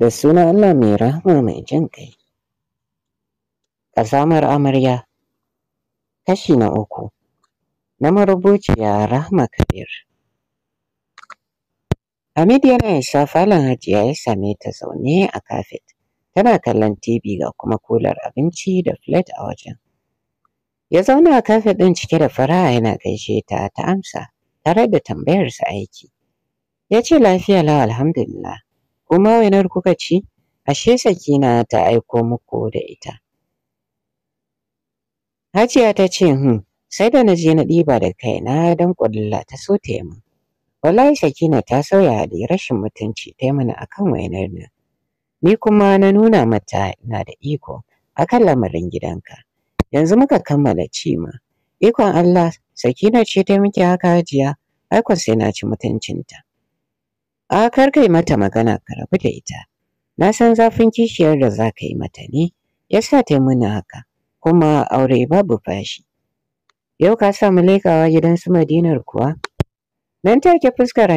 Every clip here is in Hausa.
da suna Allah mai rahama mai jin kai. Ƙazamar amarya kashi na uku na marubuciya Rahma Kabir. Hamid yana isa falon hajiya ya same ta zaune a kafet tana kallon TV ga kuma kular abinci da flat a wajen. Ya zauna a kafet ɗin cike da fara'a yana gaishe ta ta amsa tare da tambayarsa aiki. Ya ce lafiya lau alhamdulillah. Kuma wainar kuka ci? Ashe Sakina ta aiko muku da ita. Hajiya ta ce, "Hm, sai da na je na ɗiba da kaina don ƙudulla ta so ta min. Wallahi Sakina ta sauya da rashin mutunci ta mana akan wainar nan. Ni kuma na nuna mata ina da iko akan lamarin gidanka. Yanzu muka kammala ci ma. Ikon Allah, Sakina ce ta miki haka hajiya, aikon sai na ci mutuncinta. A kar kai mata magana ka rabu da ita. Na san zafin kishiyar da za ka yi mata ne, ya sa ta muna haka, kuma aure babu fashi. Yau ka sa samu laikawa gidan su Madinar kuwa? Nan take fuskar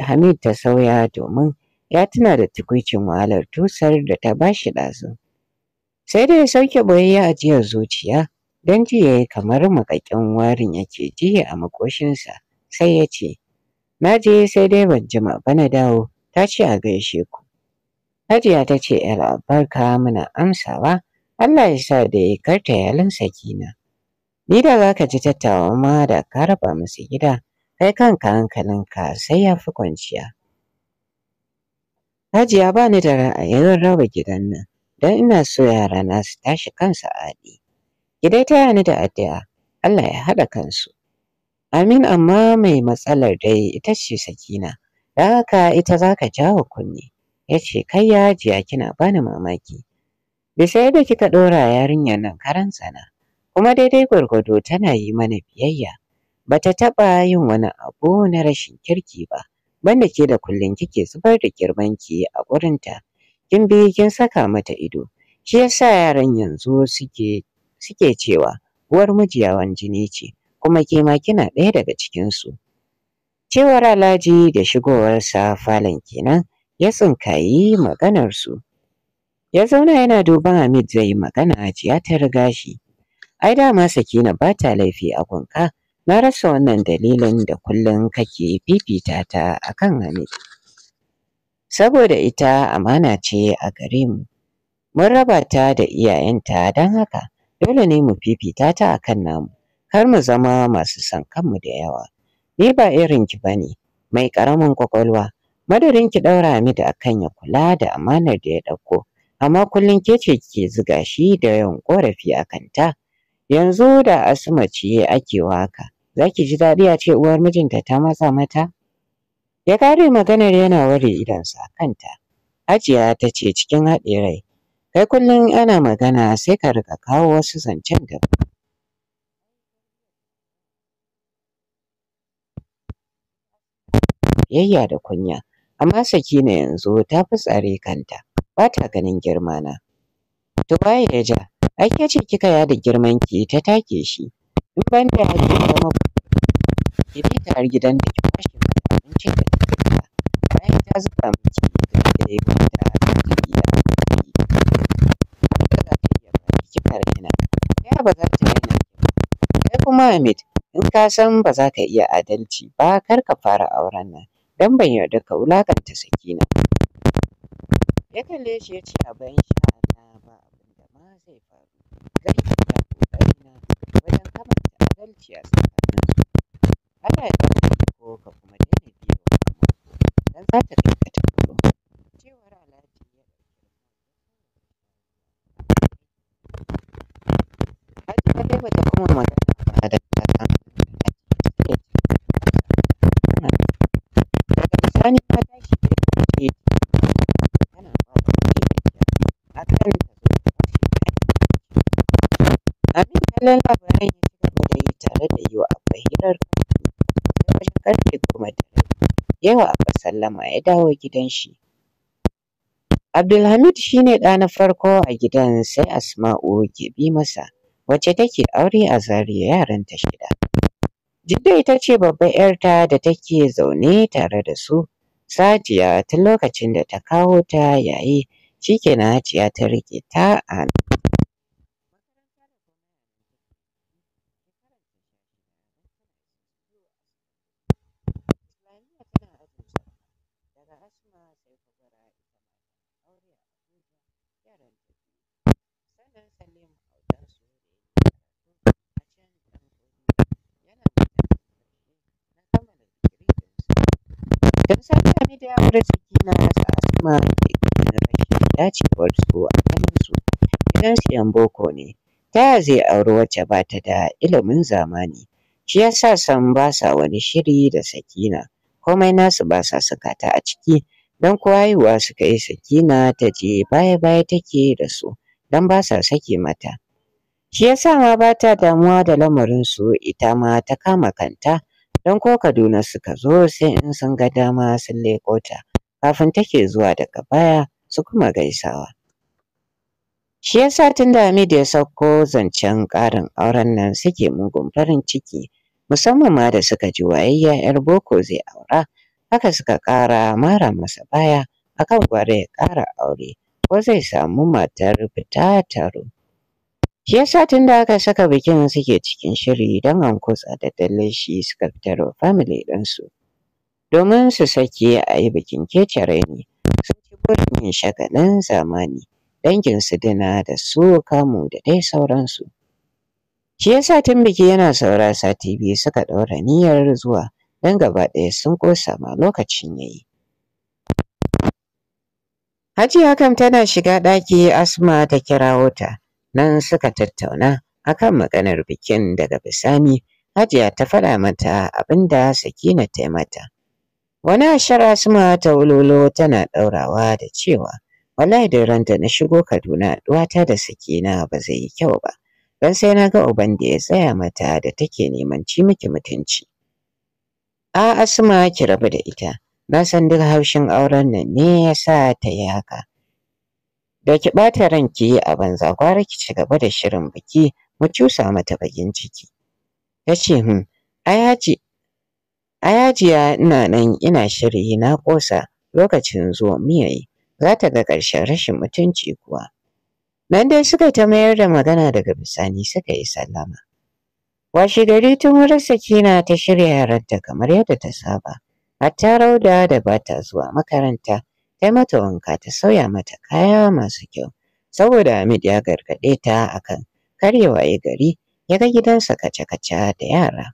Hamid ta sauya domin ya tuna da tukwicin wahalar tusar da ta ba shi ɗazu. Sai da ya sauke boyayya ajiyar zuciya, don ji ya yi kamar makakin warin yake ji a makoshinsa, sai ya ce, Na je sai dai ban jima ba na dawo, ta ce a gaishe ku. Hajiya ta ce ‘yar albarka muna amsawa, Allah ya sa da ya karta yalin sakina. Ni da za ka ji tattawa ma da ka raba musu gida, kai kanka hankalinka sai ya fi kwanciya. Hajiya ba ni da ra'ayin raba gidan nan, don ina so yarana su tashi kansu aɗi. Gidai ta taya da addu'a, Allah ya haɗa kansu. Amin amma mai matsalar dai ita ce Sakina, da haka ita za ka jawo kunne. Ya ce kai jiya kina bani mamaki. Bisa yadda kika ɗora yarinyar nan karan sana, kuma daidai gwargwado tana yi mana biyayya. Ba ta taɓa yin wani abu na rashin kirki ba, banda ke da kullum kike zubar da girmanki a gurinta. Kin bi kin saka mata ido, shi yasa yaran yanzu suke suke cewa uwar mijiyawan jini ce. kuma ke kina ɗaya daga cikinsu. Cewar Alhaji da shigowarsa falon kenan ya tsinkayi maganarsu. Ya zauna yana duban Hamid zai yi magana hajiya ta riga shi. Ai dama Sakina ba ta laifi a gunka, na rasa wannan dalilin da kullum kake fifita ta a kan Hamid. Saboda ita amana ce a gare mu, mun raba ta da iyayenta don haka dole ne mu fifita ta a kan namu. kar mu zama masu son kanmu da yawa. Ni ba irin ki ne. mai ƙaramin ƙwaƙwalwa. madarin ki ɗaura mi da akan ya kula da amanar da ya ɗauko, amma kullum ke ce ke ziga shi da yawan ƙorafi a kanta. Yanzu da asuma ce ake waka, za ki ji daɗi a ce uwar mijinta ta matsa mata? Ya kare maganar yana ware idonsa a kanta. Hajiya ta ce cikin haɗe rai, kai kullum ana magana sai ka riƙa kawo wasu zancen gaba. biyayya da kunya. Amma Sakina yanzu ta fi tsare kanta, ba ta ganin girmana. To baya ya ja, ai ke ce kika yada girmanki ta take shi. In ban da haƙi da mafi, ki bi ta har gidan da ki kwashe mata abinci da ta bayan ta zuba miki da dai wanda ta iya wanda za ta iya ba kika raina. Ya ba za ta ba? Kai kuma Hamid, in ka san ba za ka iya adalci ba kar ka fara auren nan. don ban yarda ka wulakanta Sakina na. Ya kalle shi ya ce a bayan sha Allah ba abin da ma zai faru. Zan yi iya wajen kamanta adalci a tsakaninsu. Allah ya yawa aka sallama ya dawo gidan shi. Abdulhamid shi ne ɗa na farko a gidan sai Asma'u ke bi masa wacce take aure a Zariya yaran yaranta shida. Jidda ita ce babbar 'yarta da take zaune tare da su Sadiya tun lokacin da ta kawo ta yayi shikenan Hajiya ta rike ta a aure a Abuja yaranta Salim autansu da ya yi karatu a can Ɗanfodiyo yana matakin ƙarshe na kammala digirinsa. da Sani Hamidu ya su Asma ke ganin rashin dacewarsu a boko ne, ta yaya zai auri wacce ba ta da ilimin zamani, shi ya sa sam ba sa wani shiri da Sakina, komai nasu ba sa saka ta a ciki. don kuwa haihuwa suka yi sakina ta je baya baya take da su don ba sa sake mata shi yasa ma ba ta damuwa da lamarinsu ita ma ta kama kanta don ko kaduna suka zo sai in sun ga dama sun leƙo ta kafin take zuwa daga baya su kuma gaisawa shi yasa tun da Hamidu ya sauko zancen ƙarin auren nan suke mugun farin ciki musamman ma da suka ji wayayya 'yar boko zai aura haka suka ƙara mara masa baya akan gwara ya ƙara aure ko zai samu matar fita taro. Shi sa tun da aka saka bikin suke cikin shiri don an kutsa da dalle suka fitar wa family ɗinsu. Domin su sake a yi bikin kece raini sun ci burin yin shagalin zamani dangin su dina da su kamu da dai sauransu. Shi sa tun biki yana saura sati biyu suka ɗaura niyyar zuwa don gaba ɗaya sun ƙosa ma lokacin ya yi. Hajiya kam tana shiga ɗaki Asma ta kirawo ta, nan suka tattauna akan maganar bikin daga bisani Hajiya ta faɗa mata abin da Sakina ta yi mata. Wani ashar Asma ta wulolo tana ɗaurawa da cewa wallahi da ranta na shigo Kaduna duwata da Sakina ba zai yi kyau ba. don sai na ga uban da ya tsaya mata da take neman ci miki mutunci. A Asma ki rabu da ita, na san duk haushin auren nan ne ya sa ta yi haka. Da ki ɓata ranki a banza gwara ki ci gaba da shirin biki mu cusa mata bakin ciki. Ya ce, "Hm, a yajiya ina nan ina shiri na ƙosa lokacin zuwa miyayi, za ta ga ƙarshen rashin mutunci kuwa." Nan dai suka ta mayar da magana daga bisani suka yi sallama. washi gari tun wurin kina ta shirya yaranta kamar yadda ta saba. Hatta Rauda da ba ta zuwa makaranta ta mata wanka ta sauya mata kaya masu kyau. Saboda Hamid ya gargaɗe ta a kan akan ya gari ya ga gidansa kace-kace da yara.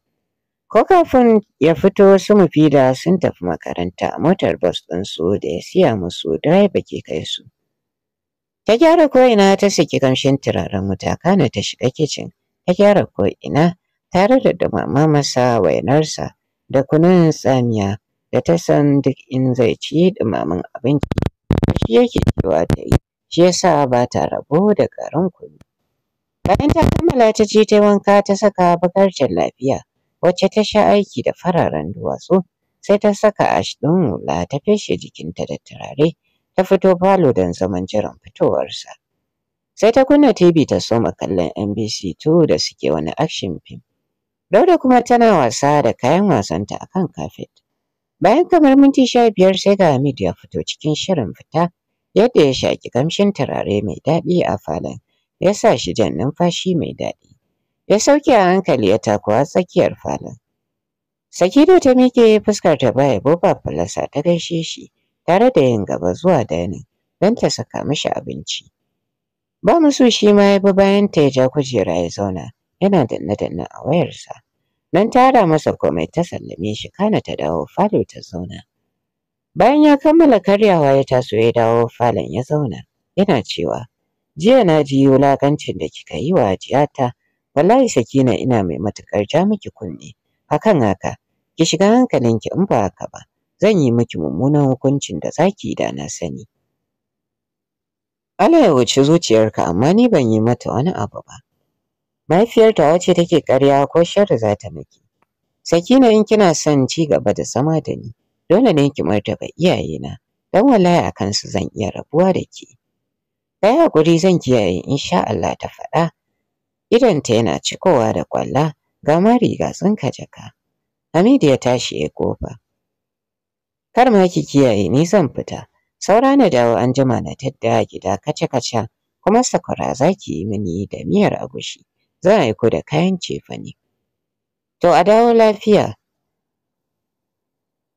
Ko kafin ya fito su mufida sun tafi makaranta a motar bas ɗinsu da ya siya musu direba ke kai su. Ta gyara ko'ina ta saki kamshin turaren wuta kana ta shiga kicin. Ta gyara ko'ina tare da dumama masa wainarsa da kunun tsamiya da ta san duk in zai ci dumamin abinci shi yake cewa ta yi shi yasa ba ta rabo da garin kunu. Bayan ta kammala ta je ta wanka ta saka bakar lafiya, wacce ta sha aiki da fararen duwatsu sai ta saka ash ɗin hula ta feshe jikinta da turare ta fito falo don zaman jiran fitowarsa. Sai ta kunna TV ta soma kallon NBC 2 da suke wani action film. Dauda kuma tana wasa da kayan wasanta a kan kafet. Bayan kamar minti sha biyar sai ga Hamid ya fito cikin shirin fita yadda ya shaƙi kamshin turare mai daɗi a falon ya sa shi jan numfashi mai daɗi. Ya sauke a hankali ya takuwa tsakiyar falon. Sakido ta miƙe fuskar ta baya boba falasa ta gaishe shi tare da yin gaba zuwa dainin don ta saka mishi abinci. Ba musu shi ma ya bi bayan ta ya ja kujera ya zauna. yana danne-danne a wayarsa. Nan tara masa komai ta sallame shi kana ta dawo falo ta zauna. Bayan ya kammala karyawa ya taso ya dawo falon ya zauna yana cewa jiya na ji wulakancin da kika yi wa jiyata wallahi sakina ina mai matukar ja miki kunne akan haka ki shiga ki in ba haka ba zan yi miki mummunan hukuncin da zaki da na sani. Allah ya wuce zuciyarka amma ni ban yi mata wani abu ba. ta wace take ƙarya ko sharri za ta miki sakina in kina son ci gaba da zama da ni dole ne ki martaba iyayena dan wallahi a kan su zan iya rabuwa da ke kai hakuri zan kiyaye in sha Allah ta faɗa idanta yana cikowa da ƙwalla. ga ma riga ka jaka Hamidu ya tashi ya kofa kar ma ki kiyaye ni zan fita saura na dawo an jima na tadda gida kace kaca kuma sakwara za ki yi mini da miyar agushi zan aiko da kayan cefane. To a dawo lafiya.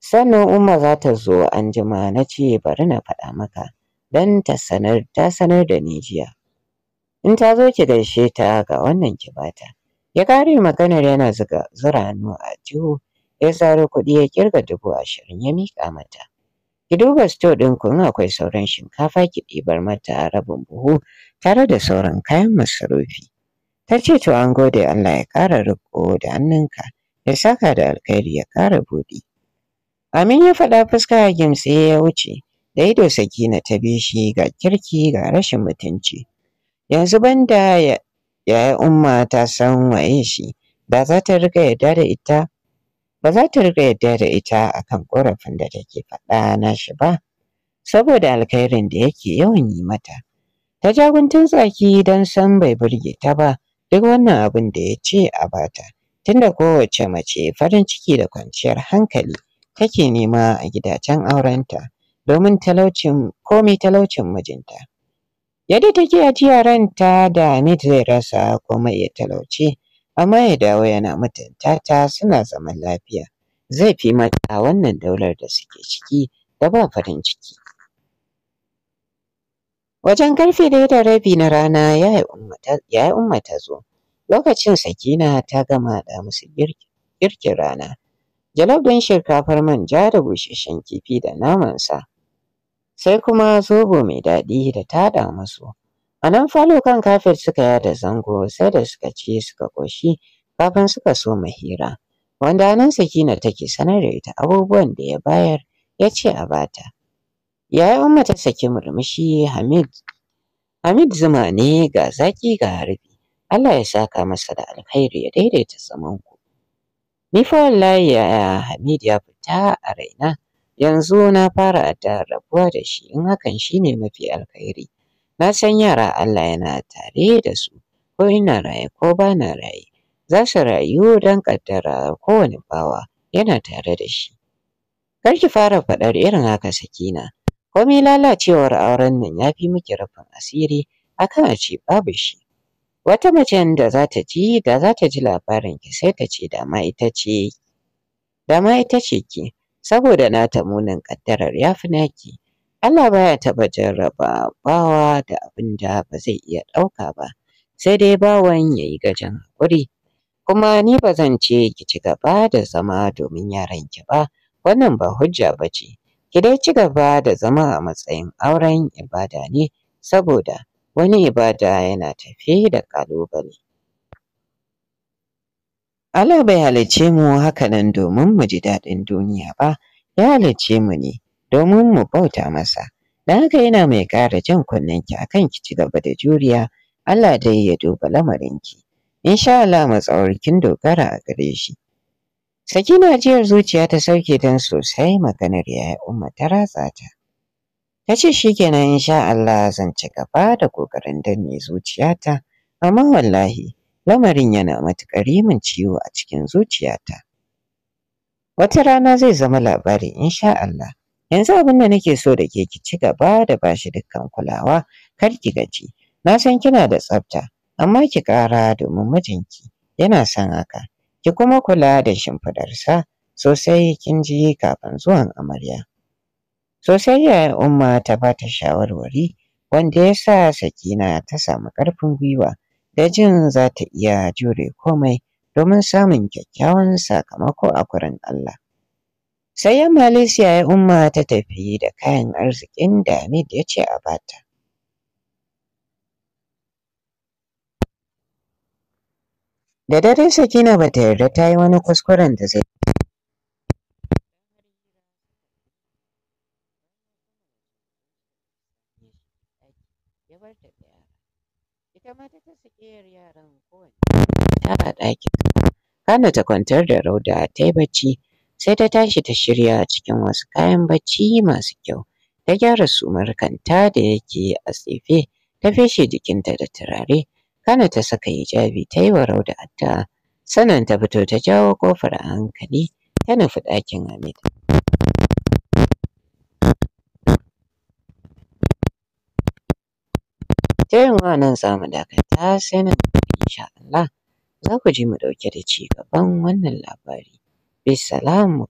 Sannan Umma za ta zo an jima na ce bari na faɗa maka don ta sanar ta sanar da ni jiya. In ta zo ki gaishe ta ga wannan ki bata. Ya kare maganar yana zuga zura hannu a jihu ya tsaro kuɗi ya kirga dubu ashirin ya miƙa mata. Ki duba sto ɗin kun akwai sauran shinkafa ki ɗibar mata rabin buhu tare da sauran kayan masarufi. Ta ce to an gode Allah ya ƙara riko da hannunka ya saka da alkhairi ya ƙara buɗi. Amin ya faɗa fuska a gimtse ya wuce da ido sakina ta bi shi ga kirki ga rashin mutunci. Yanzu banda ya, ya umma ta san waye shi ba za ta riƙa yarda da ita ba za ta riƙa yarda da ita akan ƙorafin da take faɗa na shi ba saboda alkhairin da yake yawan yi mata. Ta jaguntun tsaki don san bai burge ta ba. duk wannan abin da ya ce a bata tunda kowace mace farin ciki da kwanciyar hankali take nema a gidajen aurenta domin talaucin komai talaucin mijinta yadda take ajiya ranta da Hamid zai rasa komai ya talauce amma ya dawo yana mutunta ta suna zaman lafiya zai fi mata wannan daular da suke ciki da ba farin ciki Wajen karfe ɗaya da rabi na rana ya yi umarta zo. Lokacin Sakina ta gama da musu girkin rana. Jalab ɗin shinkafar manja da bushishin kifi da namansa. Sai kuma zobo mai daɗi da taɗa musu. A nan falo kan kafet suka yada zango sai da suka ci suka ƙoshi kafin suka so hira. Wanda nan Sakina take sanar da ita abubuwan da ya bayar ya ce a bata. Yaya Umma ta saki murmushi Hamid Hamid zuma ne ga zaki ga harbi. Allah ya saka masa da alkhairi ya daidaita zaman ku Ni fa wallahi yaya Hamid ya fita a raina yanzu na fara da rabuwa da shi in hakan shine mafi alkhairi. Na san yara Allah yana tare da su ko ina raye ko ba na raye. Za su rayu don kaddara kowane bawa yana tare da shi. Kar ki fara faɗar irin haka sakina. komai lalacewar auren nan ya fi miki rufin asiri akan a ce babu shi wata macen da za ta ji da za ta ji labarin ki sai ta ce da ma ita ce ki saboda nata munin kaddarar ya fi naki Allah baya taɓa jarraba bawa da abin da ba zai iya ɗauka ba sai dai bawan ya yi gajin haƙuri kuma ni ba zan ce ki ci gaba da zama domin yaran ki ba wannan ba hujja ba ce Ki dai ci gaba da zama a matsayin auren ibada ne saboda wani ibada yana tafi da ƙalubale. Allah bai halice mu haka nan domin mu ji daɗin duniya ba, ya halice mu ne domin mu bauta masa. Da haka yana mai ƙara jan kunnen-ki kan ki ci gaba da juriya, Allah dai ya duba lamarinki. Insha Allah matsawarkin dogara a gare shi. Sakina jiyar zuciya ta sauke don sosai maganar yi Umma ta ratsa ta. Ta ce shi kenan sha Allah zan ci gaba da ƙoƙarin danne zuciyata, amma wallahi lamarin yana matuƙar yi min ciwo a cikin zuciyata. Wata rana zai zama labari insha Allah. Yanzu abin da nake so da ke ki ci gaba da ba shi dukkan kulawa, kar ki gaji. Na san kina da tsafta, amma ki ƙara domin mijinki yana son haka. ki kuma kula da shimfiɗarsa sosai kin ji kafin zuwan amarya. Sosai ya umma ta ba ta shawarwari wanda ya sa sakina ta samu ƙarfin gwiwa da jin za ta iya jure komai domin samun kyakkyawan sakamako a kurin Allah. Sai ya Malaysia ya umma ta tafi da kayan arzikin da Hamid ya ce a bata. Da dare Sakina ba ta yarda ta yi wani kuskuren da zai ya ta Kana ta kwantar da rauda ta yi bacci sai ta tashi ta shirya cikin wasu kayan bacci masu kyau. Ta gyara sumarkanta da yake a tsefe ta feshe jikinta da turare. kana ta saka hijabi ta yi wa rauda addu'a sannan ta fito ta jawo kofar a hankali ta nufi ɗakin Hamid. Ta yin nan za mu dakata sai nan insha Allah za ku ji mu ɗauke da ci gaban wannan labari. Bisalamu.